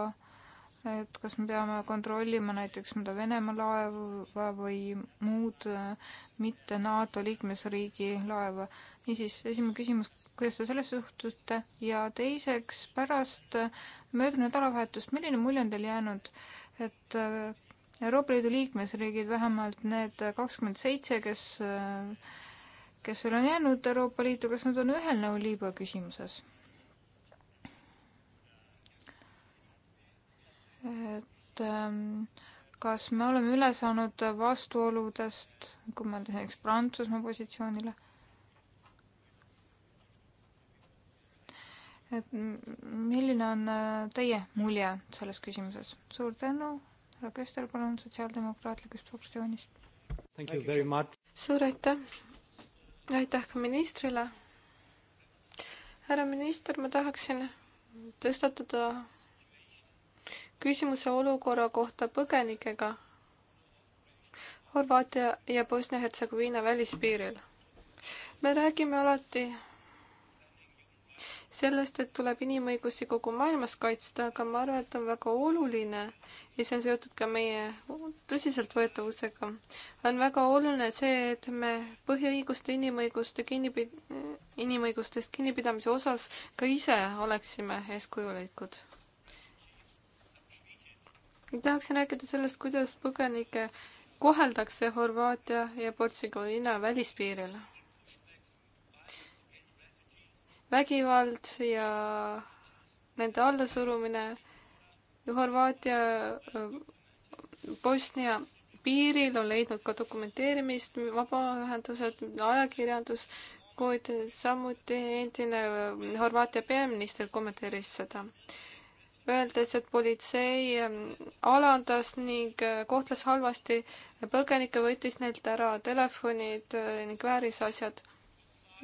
B: et kas me peame kontrollima näiteks mõnda Venemaa laeva või muud mitte NATO liikmesriigi laeva. niisiis, esimene küsimus, kuidas te sellesse suhtute ja teiseks pärast möödunud nädalavahetust, milline mulje on teil jäänud, et äh, Euroopa Liidu liikmesriigid, vähemalt need kakskümmend seitse, kes, äh, kes veel on jäänud Euroopa Liitu, kas nad on ühel nõul Liibüa küsimuses? et ähm, kas me oleme üle saanud vastuoludest, kui ma näiteks Prantsusmaa positsioonile et milline on äh, teie mulje selles küsimuses? suur tänu, härra Köster, palun, Sotsiaaldemokraatlikust
D: fraktsioonist. suur aitäh, aitäh ka ministrile. härra minister, ma tahaksin tõstatada küsimuse olukorra kohta põgenikega Horvaatia ja Bosnia-Hertsegoviina välispiiril. me räägime alati sellest, et tuleb inimõigusi kogu maailmas kaitsta, aga ma arvan, et on väga oluline ja see on seotud ka meie tõsiseltvõetavusega. on väga oluline see, et me põhiõiguste inimõiguste kinnipi-, inimõigustest kinnipidamise osas ka ise oleksime eeskujulikud. tahaksin rääkida sellest, kuidas põgenikke koheldakse Horvaatia ja Portsugalina välispiiril vägivald ja nende allasurumine Horvaatia äh, Bosnia piiril on leidnud ka dokumenteerimist, vabaühendused, ajakirjandus, kuid samuti endine äh, Horvaatia peaminister kommenteeris seda, öeldes, et politsei äh, alandas ning kohtles halvasti põgenikke, võttis neilt ära telefonid ning vääris asjad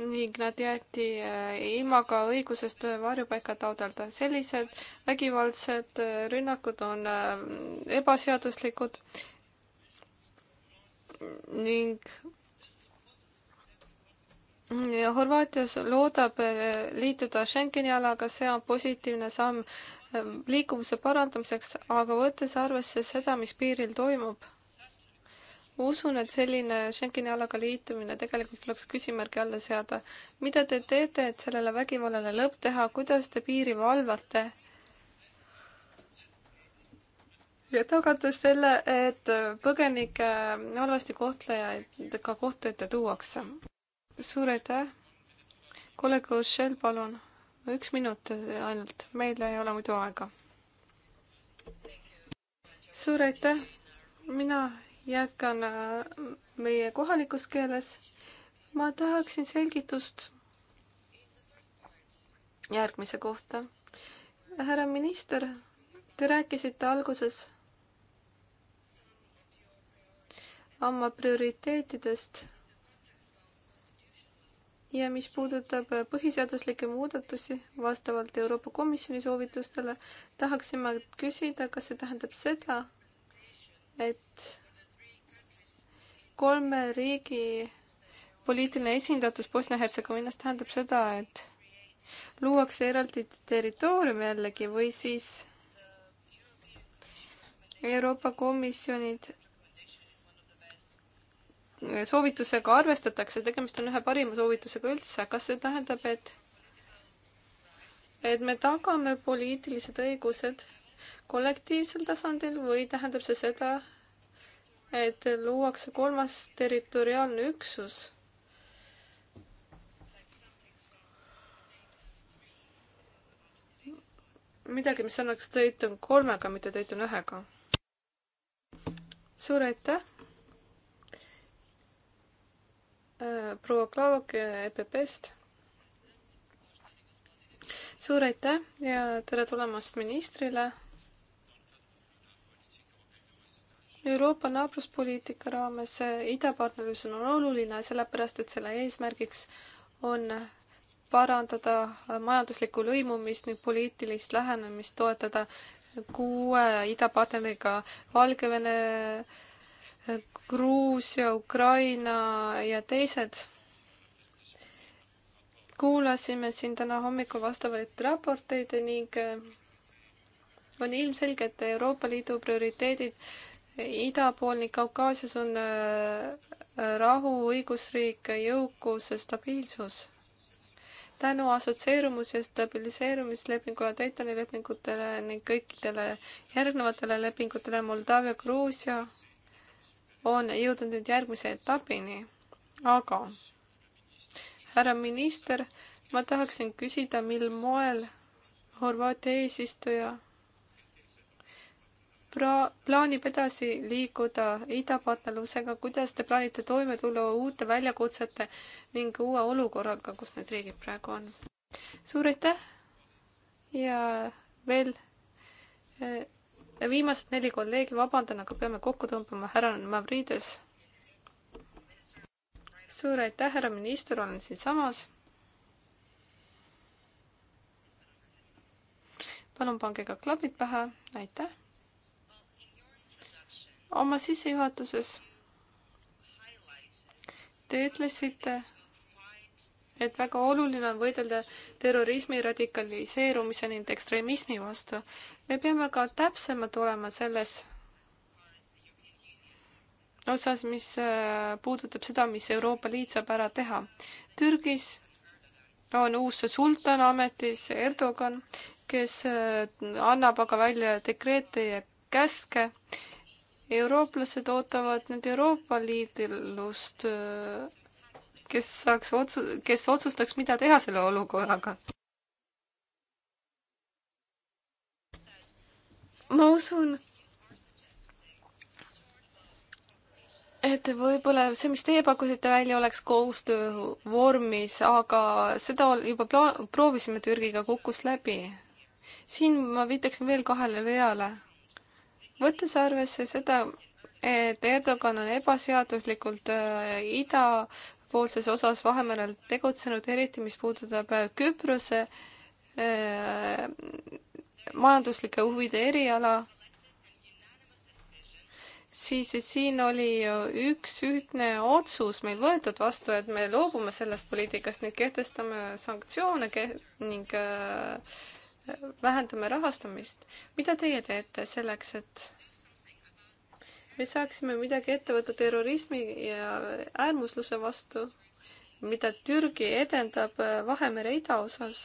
D: ning nad jäeti äh, ilma ka õigusest äh, varjupaika taotleda. sellised vägivaldsed äh, rünnakud on ebaseaduslikud ning ja Horvaatias loodab liituda Schengeni alaga, see on positiivne samm liikuvuse parandamiseks, aga võttes arvesse seda, mis piiril toimub usun, et selline Schengeni alaga liitumine tegelikult tuleks küsimärgi alla seada. mida te teete, et sellele vägivallale lõpp teha, kuidas te piiri valvate? ja tagate selle, et põgenike halvasti kohtlejaid ka kohtu ette tuuakse. suur aitäh. kolleeg Rochelle, palun. üks minut ainult, meil ei ole muidu aega. suur aitäh. mina jätkan äh, meie kohalikus keeles. ma tahaksin selgitust järgmise kohta. härra minister, te rääkisite alguses oma prioriteetidest ja mis puudutab põhiseaduslikke muudatusi vastavalt Euroopa Komisjoni soovitustele, tahaksin ma küsida, kas see tähendab seda, et kolme riigi poliitiline esindatus Bosnia-Hertsegoviinas tähendab seda, et luuakse eraldi territoorium jällegi või siis Euroopa Komisjonid soovitusega arvestatakse, tegemist on ühe parima soovitusega üldse, kas see tähendab, et et me tagame poliitilised õigused kollektiivsel tasandil või tähendab see seda, et luuakse kolmas territoriaalne üksus midagi, mis annaks Dayton kolmega, mitte Dayton ühega. suur aitäh. Äh, proua Klaavak EPP-st. suur aitäh ja tere tulemast ministrile Euroopa naabruspoliitika raames idapartnerlus on oluline, sellepärast et selle eesmärgiks on parandada majanduslikku lõimumist ning poliitilist lähenemist, toetada kuue idapartneriga Valgevene, Gruusia, Ukraina ja teised kuulasime siin täna hommikul vastavaid raporteid ning on ilmselge, et Euroopa Liidu prioriteedid ida pool ning Kaukaasias on äh, äh, rahu, õigusriik, jõukus, stabiilsus. tänu assotsieerumus- ja stabiliseerumislepingule, Daytoni lepingutele ning kõikidele järgnevatele lepingutele Moldaavia, Gruusia on jõudnud nüüd järgmise etapini. aga härra minister, ma tahaksin küsida, mil moel Horvaatia eesistuja pra-, plaanib edasi liikuda idapartnerlusega, kuidas te plaanite toime tulla uute väljakutsete ning uue olukorraga, kus need riigid praegu on? suur aitäh ja veel eh, viimased neli kolleegi, vabandan, aga peame kokku tõmbama, härra Mavrides. suur aitäh, härra minister, olen siinsamas. palun pange ka klapid pähe, aitäh oma sissejuhatuses te ütlesite, et väga oluline on võidelda terrorismi, radikaliseerumise ning ekstremismi vastu. me peame ka täpsemad olema selles osas, mis äh, puudutab seda, mis Euroopa Liit saab ära teha. Türgis on uus sultan ametis, Erdogan, kes äh, annab aga välja dekreete ja käske eurooplased ootavad nüüd Euroopa Liidust, kes saaks otsu-, kes otsustaks, mida teha selle olukorraga. ma usun, et võib-olla see, mis teie pakkusite välja, oleks koostöö vormis, aga seda juba pla-, proovisime Türgiga, kukkus läbi. siin ma viitaksin veel kahele veale võttes arvesse seda, et Erdogan on ebaseaduslikult äh, idapoolses osas Vahemerel tegutsenud, eriti mis puudutab äh, Küprose eh, majanduslike huvide eriala, siis siin oli üks ühtne otsus meil võetud vastu, et me loobume sellest poliitikast ning kehtestame sanktsioone ke ning äh, vähendame rahastamist. mida teie teete selleks, et me saaksime midagi ette võtta terrorismi ja äärmusluse vastu, mida Türgi edendab Vahemere idaosas?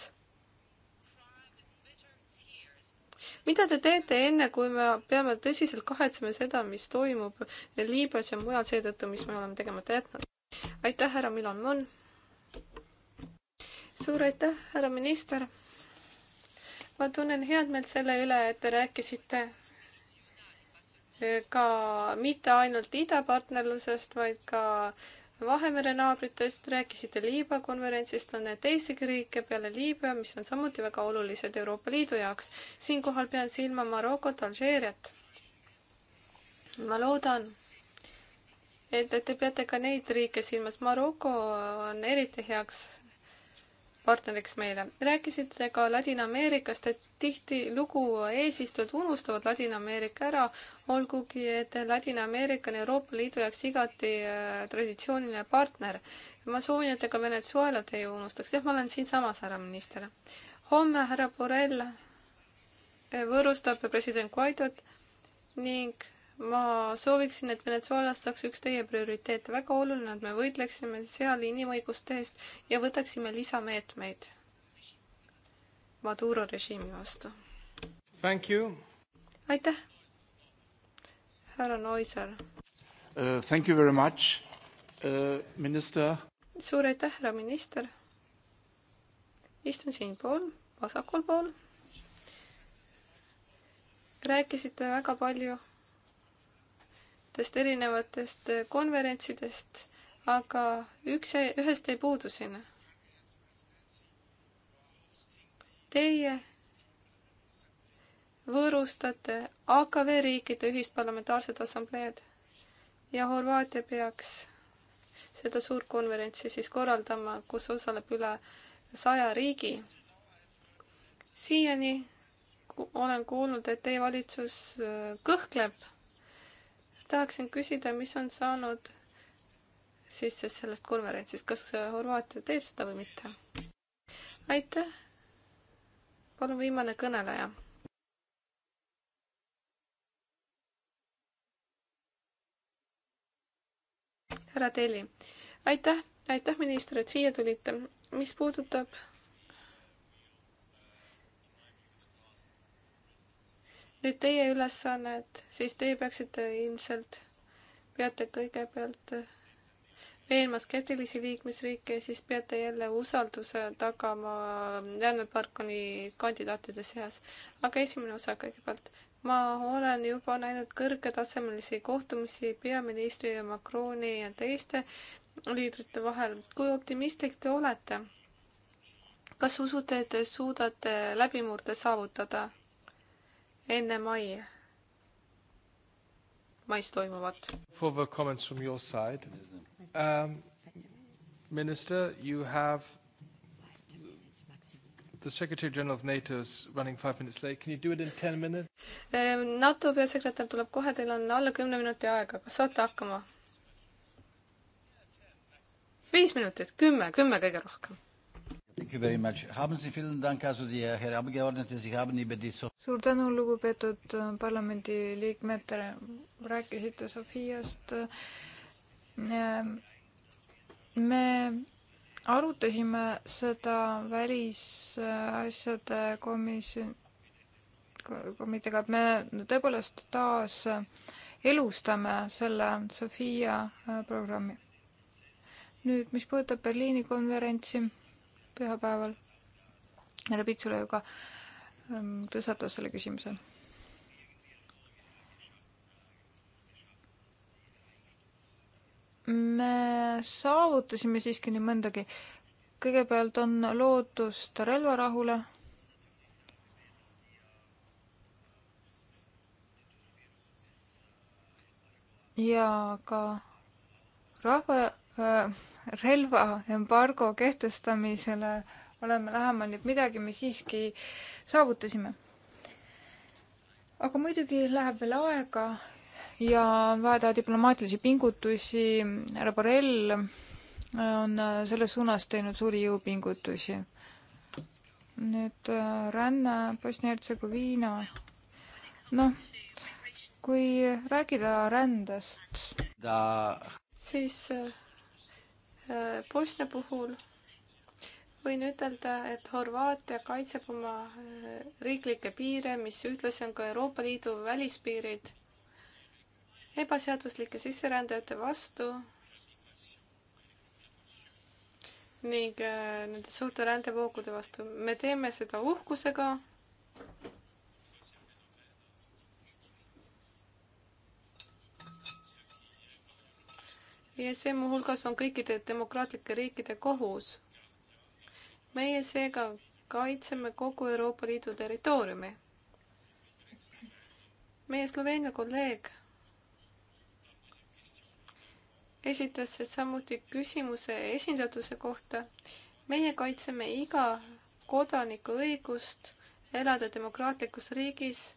D: mida te teete enne, kui me peame tõsiselt kahetsema seda, mis toimub Liibüas ja mujal seetõttu, mis me oleme tegemata jätnud? aitäh, härra Milan Mon! suur aitäh, härra minister! ma tunnen head meelt selle üle, et te rääkisite e, ka mitte ainult idapartnerlusest, vaid ka Vahemere naabritest, rääkisite Liibüa konverentsist, on teisigi riike peale Liibüa, mis on samuti väga olulised Euroopa Liidu jaoks. siinkohal pean silma Marokot, Alžeeriat. ma loodan, et te peate ka neid riike silmas. Maroko on eriti heaks partneriks meile. rääkisite ka Ladina-Ameerikast, et tihtilugu eesistujad unustavad Ladina-Ameerika ära, olgugi et Ladina-Ameerika on Euroopa Liidu jaoks igati äh, traditsiooniline partner. ma soovin, et te ka Venezuelat ei unustaks, jah, ma olen siinsamas, härra minister. homme härra Borrell äh, võõrustab president Guaidot ning ma sooviksin, et Venezuelast saaks üks teie prioriteete. väga oluline, et me võitleksime seal inimõiguste eest ja võtaksime lisameetmeid Maduro režiimi vastu. aitäh, härra Noiser
A: uh,. Thank you very much uh,, minister.
D: suur aitäh, härra minister. istun siinpool, vasakul pool. rääkisite väga palju mitmetest erinevatest äh, konverentsidest, aga üks, ühest ei puudu sinna. Teie võõrustate AKV riikide ühist parlamentaarset assambleed ja Horvaatia peaks seda suurt konverentsi siis korraldama, kus osaleb üle saja riigi. siiani olen kuulnud, et teie valitsus äh, kõhkleb tahaksin küsida, mis on saanud siis sellest konverentsist, kas Horvaatia teeb seda või mitte? aitäh. palun viimane kõneleja. härra Teli, aitäh, aitäh minister, et siia tulite. mis puudutab nüüd teie ülesannet, siis teie peaksite ilmselt, peate kõigepealt äh, veenma skeptilisi liikmesriike ja siis peate jälle usalduse tagama äh, Lennart Barkoni kandidaatide seas. aga esimene osa kõigepealt. ma olen juba näinud kõrgetasemelisi kohtumisi peaministri ja Macroni ja teiste liidrite vahel. kui optimistlik te olete? kas usute, et te suudate läbimurde saavutada? enne mai, mais toimuvat. Further comments
A: from your side um,? Minister, you have the Secretary General of NATO is running five minutes late. Can you do it in ten
D: minutes? Um, NATO peasekretär tuleb kohe, teil on alla kümne minuti aega, kas saate hakkama? viis minutit, kümme, kümme kõige rohkem suur tänu,
B: lugupeetud äh, parlamendiliikmetele, rääkisite Sofiast. Äh, me arutasime seda välisasjade komisjoni komiteega, et me tõepoolest taas elustame selle Sofia äh, programmi. nüüd, mis puudutab Berliini konverentsi pühapäeval. härra Pitsula ju ka ähm, tõstatas selle küsimuse. me saavutasime siiski nii mõndagi. kõigepealt on lootust relvarahule ja ka rahva Äh, relvaembargo kehtestamisele oleme lähemal nüüd midagi, me siiski saavutasime. aga muidugi läheb veel aega ja on vaja teha diplomaatilisi pingutusi, härra Borrell on äh, selles suunas teinud suuri jõupingutusi. nüüd äh, ränne Bosnia-Hertsegoviina, noh, kui rääkida rändest,
D: siis Äh, Bosnia puhul võin ütelda, et Horvaatia kaitseb oma äh, riiklikke piire, mis ühtlasi on ka Euroopa Liidu välispiirid ebaseaduslike sisserändajate vastu ning äh, nende suurte rändevoogude vastu. me teeme seda uhkusega ja see muuhulgas on kõikide demokraatlike riikide kohus. meie seega kaitseme kogu Euroopa Liidu territooriumi. meie Sloveenia kolleeg esitas samuti küsimuse esindatuse kohta. meie kaitseme iga kodaniku õigust elada demokraatlikus riigis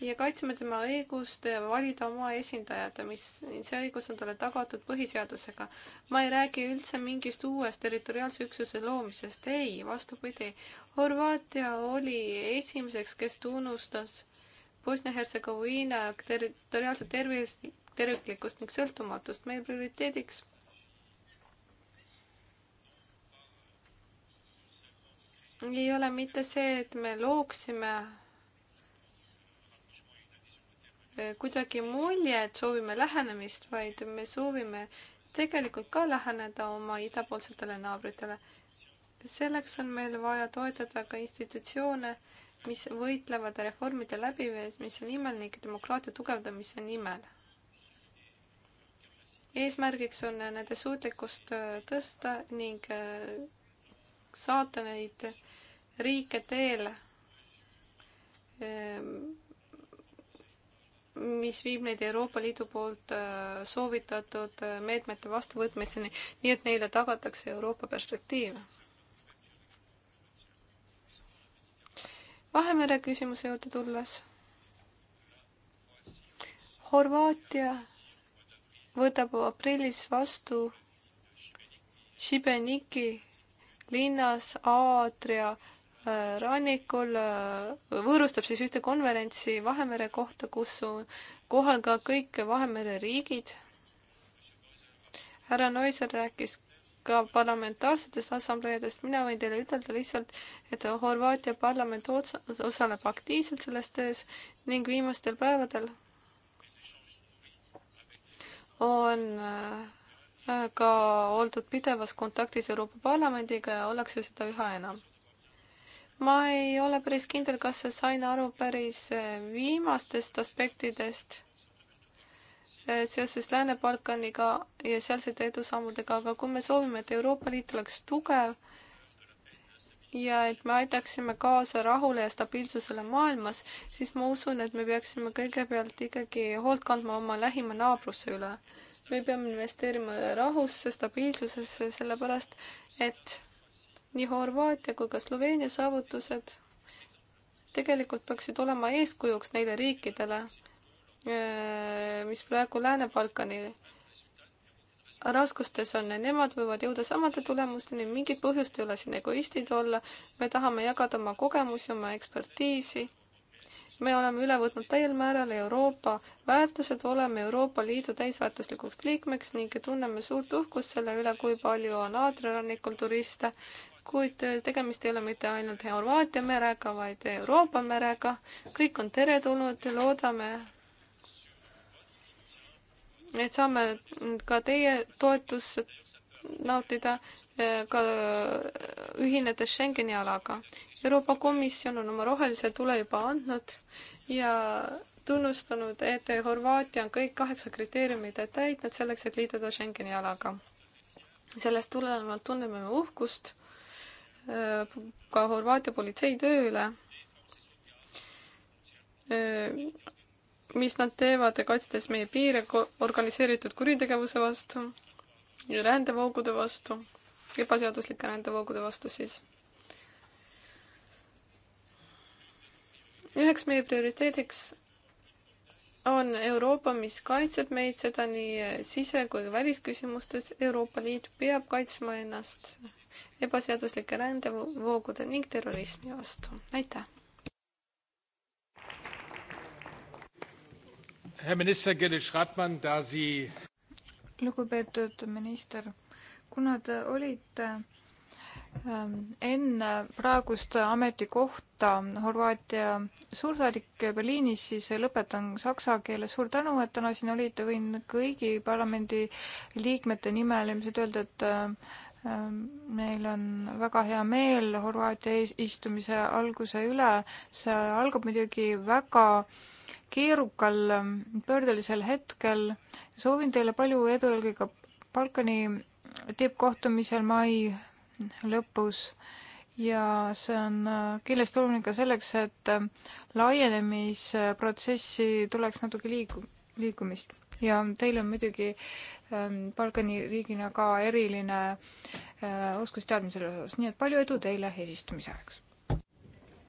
D: ja kaitseme tema õigust valida oma esindajad, mis, see õigus on talle tagatud põhiseadusega. ma ei räägi üldse mingist uuest territoriaalse üksuse loomisest, ei, vastupidi. Horvaatia oli esimeseks, kes tunnustas Bosnia-Hertsegoviina territoriaalset tervist, terviklikkust ning sõltumatust meie prioriteediks. ei ole mitte see, et me looksime kuidagi mulje, et soovime lähenemist, vaid me soovime tegelikult ka läheneda oma idapoolsetele naabritele. selleks on meil vaja toetada ka institutsioone, mis võitlevad reformide läbiviimise nimel ning demokraatia tugevdamise nimel. eesmärgiks on nende suutlikkust tõsta ning saata neid riike teele ehm, mis viib neid Euroopa Liidu poolt äh, soovitatud äh, meetmete vastuvõtmiseni, nii et neile tagatakse Euroopa perspektiiv. Vahemere küsimuse juurde tulles. Horvaatia võtab aprillis vastu Šibeniki linnas Aadria rannikul äh, võõrustab siis ühte konverentsi Vahemere kohta, kus on kohal ka kõik Vahemere riigid. härra Noiser rääkis ka parlamentaarsetest assambleedest, mina võin teile ütelda lihtsalt, et Horvaatia parlament osaleb aktiivselt selles töös ning viimastel päevadel on äh, ka oldud pidevas kontaktis Euroopa Parlamendiga ja ollakse seda üha enam ma ei ole päris kindel, kas sain aru päris eh, viimastest aspektidest eh, seoses Lääne-Balkaniga ja sealsete edusammudega, aga kui me soovime, et Euroopa Liit oleks tugev ja et me aitaksime kaasa rahule ja stabiilsusele maailmas, siis ma usun, et me peaksime kõigepealt ikkagi hoolt kandma oma lähima naabruse üle. me peame investeerima rahusse, stabiilsusesse, sellepärast et nii Horvaatia kui ka Sloveenia saavutused tegelikult peaksid olema eeskujuks neile riikidele, mis praegu Lääne-Balkani raskustes on, nemad võivad jõuda samade tulemusteni, mingit põhjust ei ole siin egoistid olla, me tahame jagada oma kogemusi, oma ekspertiisi. me oleme üle võtnud täiel määral Euroopa väärtused, oleme Euroopa Liidu täisväärtuslikuks liikmeks ning tunneme suurt uhkust selle üle, kui palju on aadrirannikul turiste, kuid äh, tegemist ei ole mitte ainult Horvaatia merega, vaid Euroopa merega. kõik on teretulnud, loodame, et saame ka teie toetust nautida äh, ka äh, ühinedes Schengeni alaga. Euroopa Komisjon on oma rohelise tule juba andnud ja tunnustanud, et Horvaatia on kõik kaheksa kriteeriumit täitnud selleks, et liituda Schengeni alaga. sellest tulenevalt tunneme me uhkust Äh, ka Horvaatia politsei töö üle, äh, mis nad teevad, kaitstes meie piire organiseeritud kuritegevuse vastu, rändevoogude vastu, ebaseaduslike rändevoogude vastu siis. üheks meie prioriteediks on Euroopa, mis kaitseb meid, seda nii sise- kui ka välisküsimustes. Euroopa Liit peab kaitsma ennast ebaseaduslike rändevoogude ning terrorismi vastu. aitäh!
B: lugupeetud minister, kuna te olite Ähm, enne praegust ametikohta Horvaatia suursaadik Berliinis, siis lõpetan saksa keeles. suur tänu, et täna siin olite, võin kõigi parlamendiliikmete nimel ilmselt öelda, et äh, äh, meil on väga hea meel Horvaatia eesistumise alguse üle. see algab muidugi väga keerukal ähm, pöördelisel hetkel. soovin teile palju edu eelkõige Balkani tippkohtumisel mai lõpus ja see on äh, kindlasti oluline ka selleks, et äh, laienemisprotsessi tuleks natuke liigu-, liikumist. ja teil on muidugi ähm, Balkani riigina ka eriline äh, oskus teadmisele osas, nii et palju edu teile eesistumise ajaks!